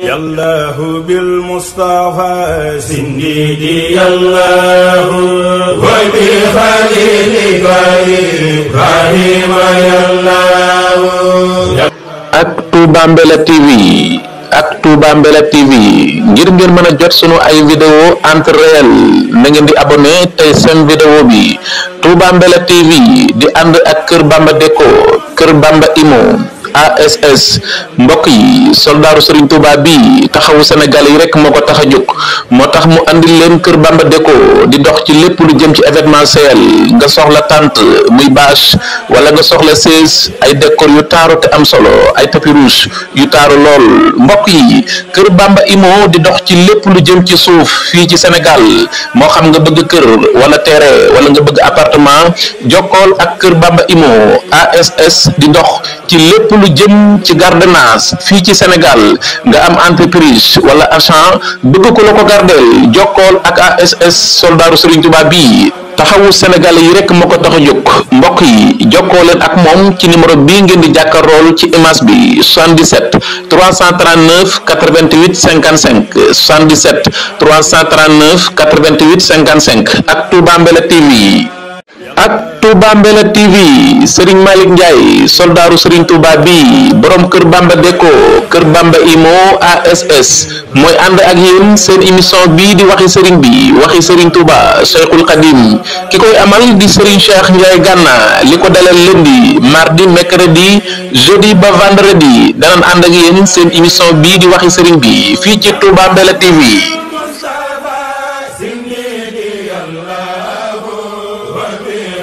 yallahu bil mustafa sindidi yallahu wa bi khalili ibrahima yallahu ak Touba TV ak Touba TV ngir ngeen mën a jot sunu ay vidéo entre réel di abonné tey seen vidéo bi Touba TV di ànd ak Kër Bamba Déco Kër Bamba Imo ASS mbokk yi soldaaru Serigne Touba bi taxawu Sénégal yi rek moko taxajuk motax mu andil len kër Bamba Deko di dox ci lepp lu jëm ci événementiel nga soxla tante muy bâche wala nga soxla ses ay décor yu taru te am solo ay tapis rouge yu taru lol mbokk yi kër Bamba Imo di dox ci lepp lu jëm ci souf fi ci Sénégal mo xam nga bëgg kër wala terre wala nga bëgg appartement jokol ak kër Bamba Imo ASS di dox ci lepp lu jëm ci gardenage fi ci senegal nga am entreprise wala agent bëgg ko lako gardel jokol ak ASS soldaru Serigne Touba bi taxawu sénégal yi rek moko taxa juk mbokk yi jokkoo leen ak mom ci numéro bi ngeen di jakarol ci image bi 77 339 88 55 77 339 88 55 ak touba mbele tv ak touba mbele tv sering malik jai soldaru serigne touba bi borom keur bamba deko keur bamba imo ass moy anda ak yeen Imi Sobi bi di waxi serigne bi waxi serigne touba cheikhul qadim kikoy amal di sering cheikh ndjay gana, liko dalal lindi, mardi mercredi Jodi ba vendredi danan and ak yeen seen bi di waxi serigne bi fi ci touba tv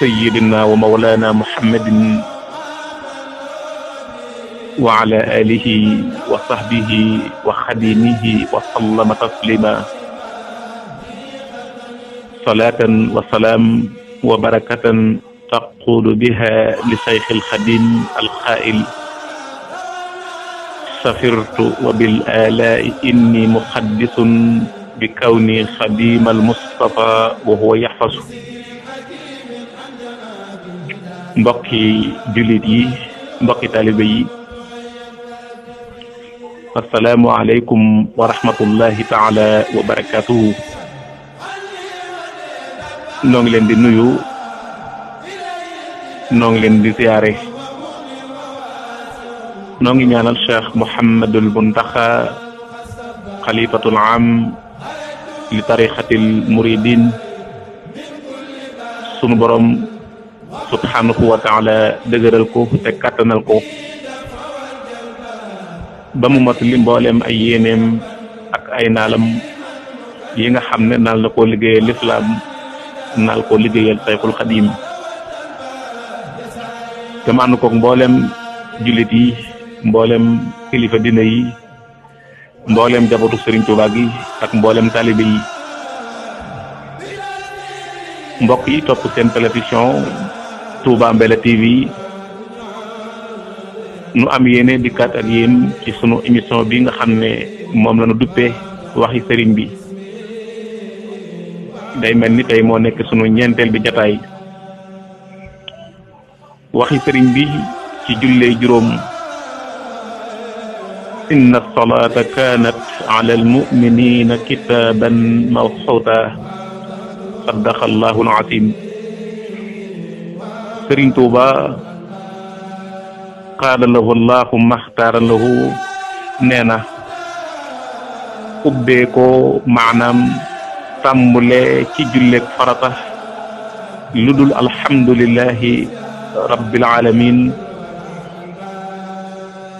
سيدنا ومولانا محمد وعلى آله وصحبه وخديمه وسلم تسليما صلاة وسلام وبركة تقول بها لشيخ الخديم القائل سفرت وبالآلاء إني محدث بكوني خديم المصطفى وهو يحفظه mbokki jullit yi mbokki talibe yi assalaamu aleykum wa rahmatullahi taala wa barakatuhu noo ngi leen di nuyu noo ngi leen di ziyaare noo ngi ñaanal cheikh mohammadul buntaxa xalifatul am li tarixatil muridin sunu borom subhanahu wa taala dëgëral ko te kàttanal ko ba mu mot li mbooleem ay yéeneem ak ay naalam yi nga xam ne naal na ko liggéeyal lislaam naal koo liggéeyal sayxul xadiim te mu ànd koog mbooleem jullit yi mbooleem kilifa dina yi mboolem jabatu sëriñ Tuubaa ak mboolem taalibe yi mbokk yi topp seen télévision Touba TV nu am yene dikkat ak yeen ci sunu émission bi nga xamne mom lañu duppé waxi serigne bi day melni tay mo nek sunu ñentel bi jotaay waxi bi ci julle juroom إن الصلاة كانت على المؤمنين كتابا صدق الله العظيم sëriñ Tuuba xaada lahu maxtaara lahu nee na ubbee ko maanaam tàmbule ci julleeg farata lu dul alhamdulillahi rabbil alamin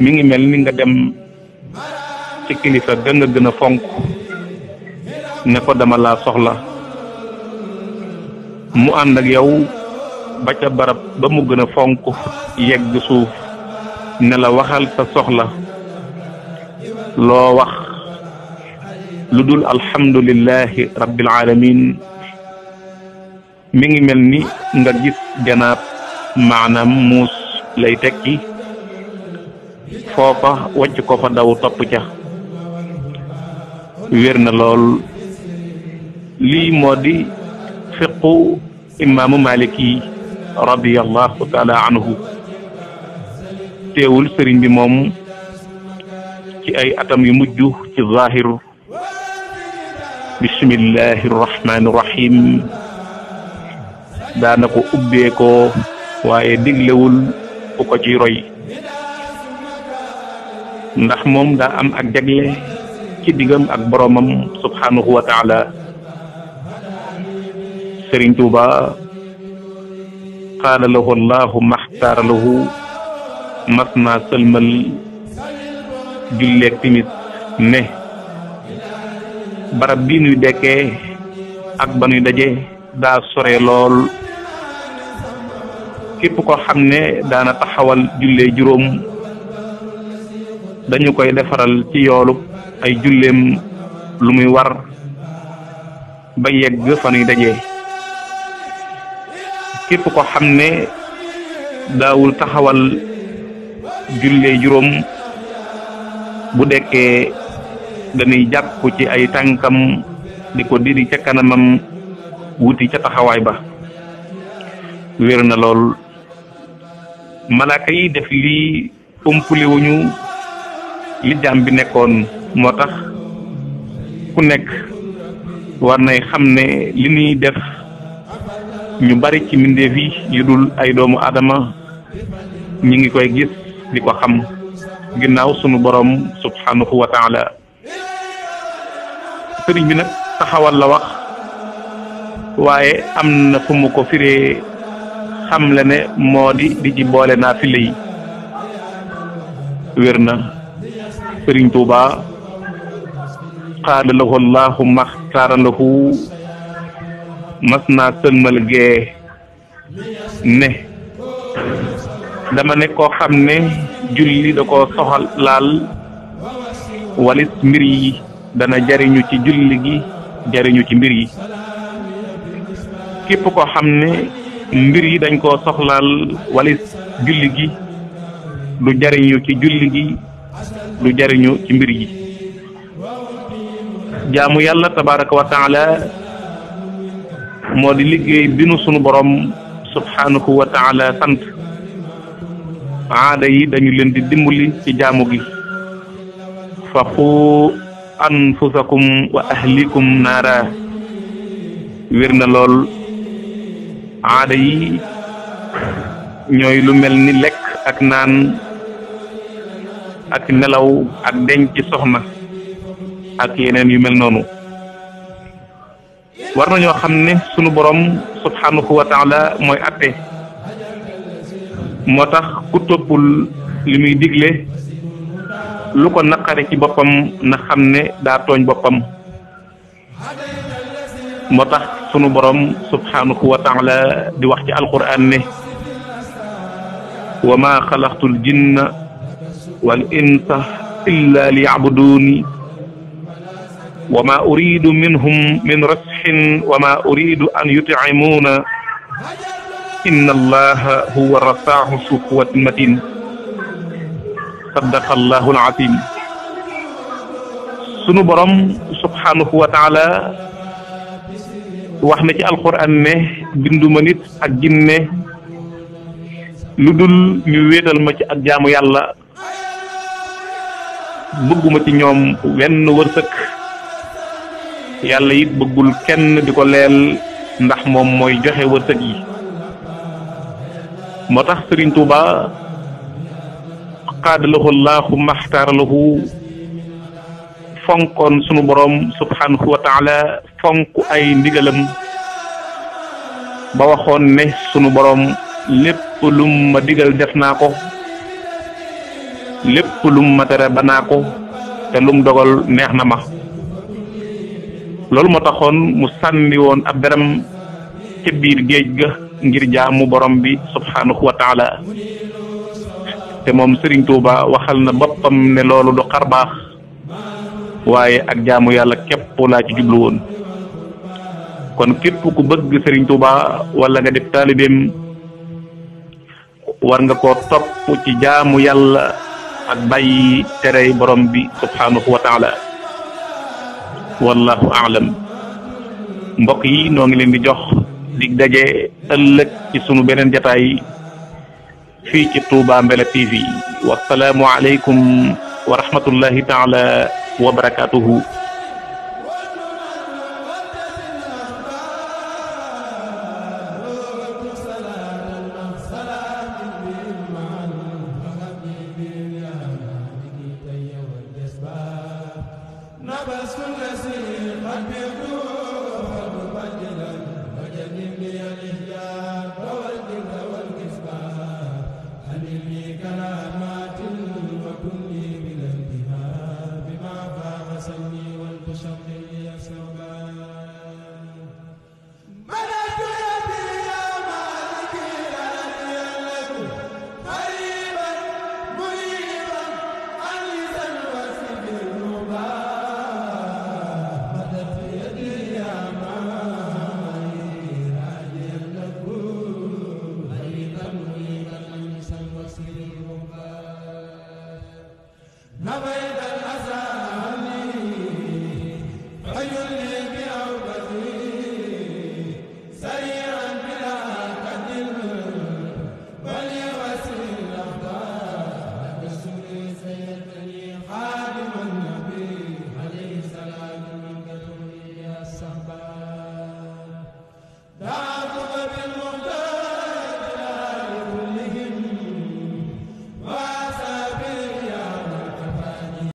mi ngi mel ni nga dem ci kilifa ga nga gën a fonk ne ko dama soxla mu ànd ak yow ba ca ba mu gën a fonk yegg suuf ne la waxal sa soxla loo wax lu dul alhamdulillahi rabbil alamin mi ngi mel ni nga gis janaab maanaam muus lay tekki foofa wàcc ko fa daw topp ca wér na lool lii moo di fiqu imaamu Maalik yi رضي الله تعالى عنه تيول سرين بي موم اي اتم يمجو ظاهر بسم الله الرحمن الرحيم دا نكو اوبيكو واي ديغلاول كوكو جي روي ndax mom da am ak degle ci digam ak boromam subhanahu wa ta'ala serigne touba qaala lahu allahu maxtaara lahu mas na sëlmal julleeg timis ne barab bii nuy dekkee ak ba nuy daje daa sore lool képp ko xam ne daana taxawal jullee juróom dañu koy defaral ci yoolu ay julleem lu muy war ba yegg fa nuy daje képp ko xam ne daawul taxawal jullee juróom bu dekkee dañuy jàpp ci ay tànkam di ko diri ca kanamam wuti ca taxawaay ba wér na lool malaaka yi def lii umpule wuñu li jaam bi nekkoon moo tax ku nekk war nay xam ne li nuy def ñu bari ci mbindeef yi yu dul ay doomu aadama ñi ngi koy gis di ko xam ginnaaw sunu borom subhanahu wa taala bi nag taxawal la wax waaye am na fu ko firee xam la ne moo di di ci boole naa fi lay wér na Tuuba qaala lahu allahumma xtaara lahu mas naa sëlmal gee ne dama ne koo xam ne julli da ko soxal laal walis mbir yi dana jariñu ci julli gi jariñu ci mbir yi képp koo xam ne mbir yi dañ koo soxlaal walis julli gi du jariñu ci julli gi du jariñu ci mbir yi jaamu yàlla tabaraka wa taala moo di liggéey bi nu sunu borom subhanahu wa taala sant aada yi dañu leen di dimbali ci jaamu gi fa qu anfusakum wa ahlikum naara wér na lool aada yi ñooy lu mel ni lekk ak naan ak nelaw ak denc soxna ak yeneen yu mel noonu war nañoo xam ne sunu borom subhanahu wa taala mooy atte moo tax ku li muy digle lu ko naqari ci boppam na xam ne daa tooñ boppam moo tax sunu borom subhanahu wa taala di wax ci alquran ne wa ma xalaqtul jinna wal insa illa li yabuduuni wa ma uridu minhum min ras قمح وما أريد أن يطعمون إن الله هو رفاع سقوة المتين صدق الله العظيم سنبرم سبحانه وتعالى وحمد القرآن مه بندو منيت أجنة لدل نويت المجا أجام يالله بغمتي نيوم وين ورسك yàlla yit bëggul kenn di ko leel ndax moom mooy joxe wërsëg yi moo tax Sëriñ Tuuba qaadalahu laahu maxtaaralahu fonkoon sunu boroom subhaanahu wa taala fonk ay ndigalam ba waxoon ne sunu boroom lépp lum ma digal def naa ko lépp lum ma tere ba naa ko te lum dogal neex na ma loolu moo taxoon mu sànni won ab deram ci bir geej ga ngir jaamu borom bi subhanahu wa taala te mom Serigne Touba waxal na bopam ne lolou du xar bax waye ak jaamu yalla kep la ci djiblu won kon kep ku bëgg Serigne Touba wala nga def talibem war nga ko top ci jaamu yalla ak bayyi tere borom bi subhanahu wa taala والله أعلم مبقي نوغي لين دي جوخ ديك داجي ألك في سونو بنين جتاي في كتوبا مبلا تي في والسلام عليكم ورحمة الله تعالى وبركاته